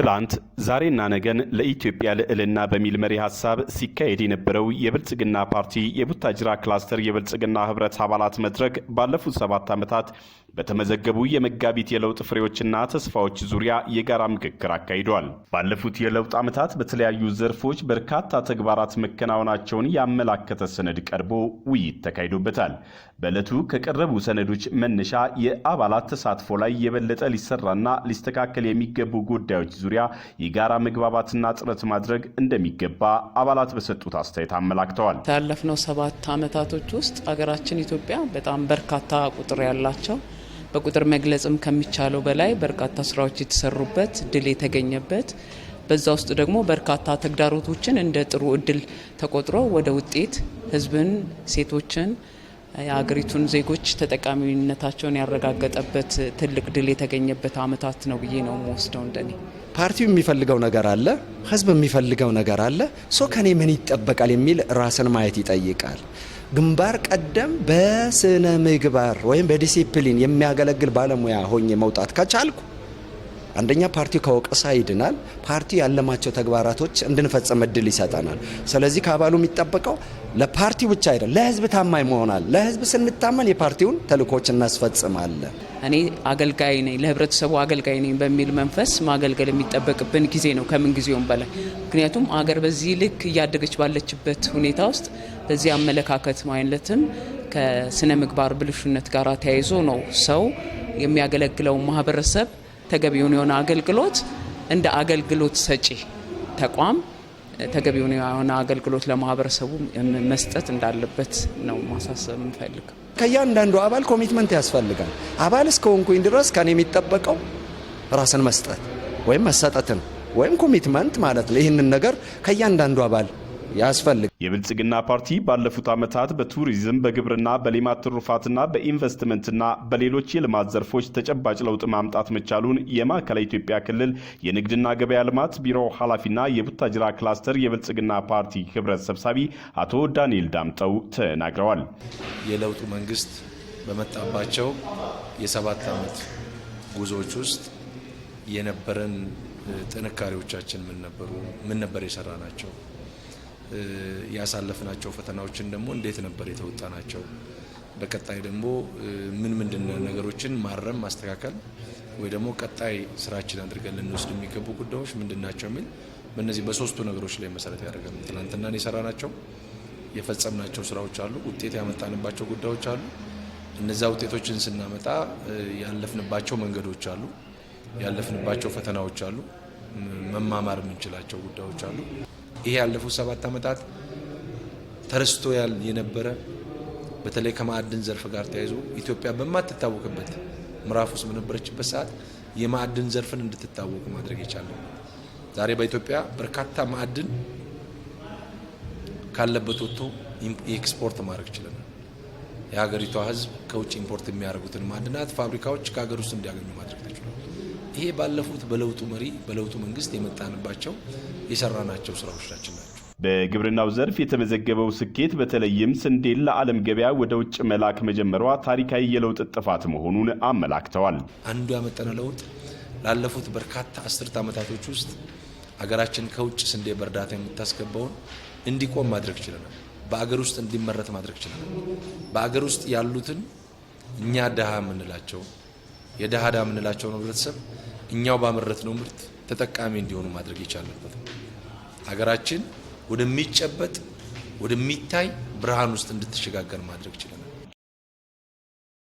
ትላንት ዛሬና ነገን ለኢትዮጵያ ልዕልና በሚል መሪ ሀሳብ ሲካሄድ የነበረው የብልጽግና ፓርቲ የቡታጅራ ክላስተር የብልጽግና ህብረት አባላት መድረክ ባለፉት ሰባት ዓመታት በተመዘገቡ የመጋቢት የለውጥ ፍሬዎችና ተስፋዎች ዙሪያ የጋራ ምክክር አካሂዷል። ባለፉት የለውጥ ዓመታት በተለያዩ ዘርፎች በርካታ ተግባራት መከናወናቸውን ያመላከተ ሰነድ ቀርቦ ውይይት ተካሂዶበታል። በዕለቱ ከቀረቡ ሰነዶች መነሻ የአባላት ተሳትፎ ላይ የበለጠ ሊሰራና ሊስተካከል የሚገቡ ጉዳዮች ዙሪያ የጋራ መግባባትና ጥረት ማድረግ እንደሚገባ አባላት በሰጡት አስተያየት አመላክተዋል። ያለፍነው ሰባት ዓመታቶች ውስጥ አገራችን ኢትዮጵያ በጣም በርካታ ቁጥር ያላቸው በቁጥር መግለጽም ከሚቻለው በላይ በርካታ ስራዎች የተሰሩበት ድል የተገኘበት በዛ ውስጥ ደግሞ በርካታ ተግዳሮቶችን እንደ ጥሩ እድል ተቆጥሮ ወደ ውጤት ህዝብን፣ ሴቶችን፣ የሀገሪቱን ዜጎች ተጠቃሚነታቸውን ያረጋገጠበት ትልቅ ድል የተገኘበት አመታት ነው ብዬ ነው የምወስደው። እንደኔ ፓርቲው የሚፈልገው ነገር አለ፣ ህዝብ የሚፈልገው ነገር አለ። ሶ ከኔ ምን ይጠበቃል የሚል ራስን ማየት ይጠይቃል። ግንባር ቀደም በስነ ምግባር ወይም በዲሲፕሊን የሚያገለግል ባለሙያ ሆኜ መውጣት ከቻልኩ አንደኛ ፓርቲው ከወቀሳ ይድናል። ፓርቲው ያለማቸው ተግባራቶች እንድንፈጸም እድል ይሰጠናል። ስለዚህ ከአባሉ የሚጠበቀው ለፓርቲው ብቻ አይደለም፣ ለህዝብ ታማኝ መሆናል። ለህዝብ ስንታመን የፓርቲውን ተልእኮች እናስፈጽማለን። እኔ አገልጋይ ነኝ፣ ለህብረተሰቡ አገልጋይ ነኝ በሚል መንፈስ ማገልገል የሚጠበቅብን ጊዜ ነው ከምን ጊዜውም በላይ። ምክንያቱም አገር በዚህ ልክ እያደገች ባለችበት ሁኔታ ውስጥ በዚህ አመለካከት ማይነትም ከስነ ምግባር ብልሹነት ጋር ተያይዞ ነው ሰው የሚያገለግለው ማህበረሰብ ተገቢውን የሆነ አገልግሎት እንደ አገልግሎት ሰጪ ተቋም ተገቢውን የሆነ አገልግሎት ለማህበረሰቡ መስጠት እንዳለበት ነው ማሳሰብ የምፈልግ። ከእያንዳንዱ አባል ኮሚትመንት ያስፈልጋል። አባል እስከሆንኩኝ ድረስ ከኔ የሚጠበቀው ራስን መስጠት ወይም መሰጠትን ወይም ኮሚትመንት ማለት ነው። ይህንን ነገር ከእያንዳንዱ አባል ያስፈልግ የብልጽግና ፓርቲ ባለፉት ዓመታት በቱሪዝም፣ በግብርና፣ በሌማት ትሩፋትና በኢንቨስትመንትና በሌሎች የልማት ዘርፎች ተጨባጭ ለውጥ ማምጣት መቻሉን የማዕከላዊ ኢትዮጵያ ክልል የንግድና ገበያ ልማት ቢሮ ኃላፊና የቡታጅራ ክላስተር የብልጽግና ፓርቲ ህብረት ሰብሳቢ አቶ ዳንኤል ዳምጠው ተናግረዋል። የለውጡ መንግስት በመጣባቸው የሰባት ዓመት ጉዞዎች ውስጥ የነበረን ጥንካሬዎቻችን ምን ነበሩ? ምን ነበር የሰራ ናቸው ያሳለፍናቸው ፈተናዎችን ደግሞ እንዴት ነበር የተወጣ ናቸው፣ በቀጣይ ደግሞ ምን ምንድን ነገሮችን ማረም ማስተካከል ወይ ደግሞ ቀጣይ ስራችን አድርገን ልንወስድ የሚገቡ ጉዳዮች ምንድን ናቸው የሚል በእነዚህ በሶስቱ ነገሮች ላይ መሰረት ያደረገ ነው። ትናንትናን የሰራ ናቸው የፈጸምናቸው ስራዎች አሉ፣ ውጤት ያመጣንባቸው ጉዳዮች አሉ። እነዛ ውጤቶችን ስናመጣ ያለፍንባቸው መንገዶች አሉ፣ ያለፍንባቸው ፈተናዎች አሉ፣ መማማር የምንችላቸው ጉዳዮች አሉ። ይሄ ያለፉት ሰባት ዓመታት ተረስቶ ያል የነበረ በተለይ ከማዕድን ዘርፍ ጋር ተያይዞ ኢትዮጵያ በማትታወቅበት ምዕራፍ ውስጥ በነበረችበት ሰዓት የማዕድን ዘርፍን እንድትታወቅ ማድረግ የቻለ ዛሬ በኢትዮጵያ በርካታ ማዕድን ካለበት ወጥቶ ኤክስፖርት ማድረግ ችለናል። የሀገሪቷ ሕዝብ ከውጭ ኢምፖርት የሚያደርጉትን ማዕድናት ፋብሪካዎች ከሀገር ውስጥ እንዲያገኙ ማድረግ ተችሏል። ይሄ ባለፉት በለውጡ መሪ በለውጡ መንግስት የመጣንባቸው የሰራናቸው ስራዎች ናቸው። በግብርናው ዘርፍ የተመዘገበው ስኬት በተለይም ስንዴን ለዓለም ገበያ ወደ ውጭ መላክ መጀመሯ ታሪካዊ የለውጥ ጥፋት መሆኑን አመላክተዋል። አንዱ ያመጠነ ለውጥ ላለፉት በርካታ አስርት ዓመታቶች ውስጥ አገራችን ከውጭ ስንዴ በእርዳታ የምታስገባውን እንዲቆም ማድረግ ችለናል። በአገር ውስጥ እንዲመረት ማድረግ ችለናል። በአገር ውስጥ ያሉትን እኛ ድሃ የምንላቸው የደሃዳ ነው ህብረተሰብ እኛው ባመረት ነው ምርት ተጠቃሚ እንዲሆኑ ማድረግ የቻለበት ሀገራችን ወደሚጨበጥ ወደሚታይ ብርሃን ውስጥ እንድትሸጋገር ማድረግ ችለናል።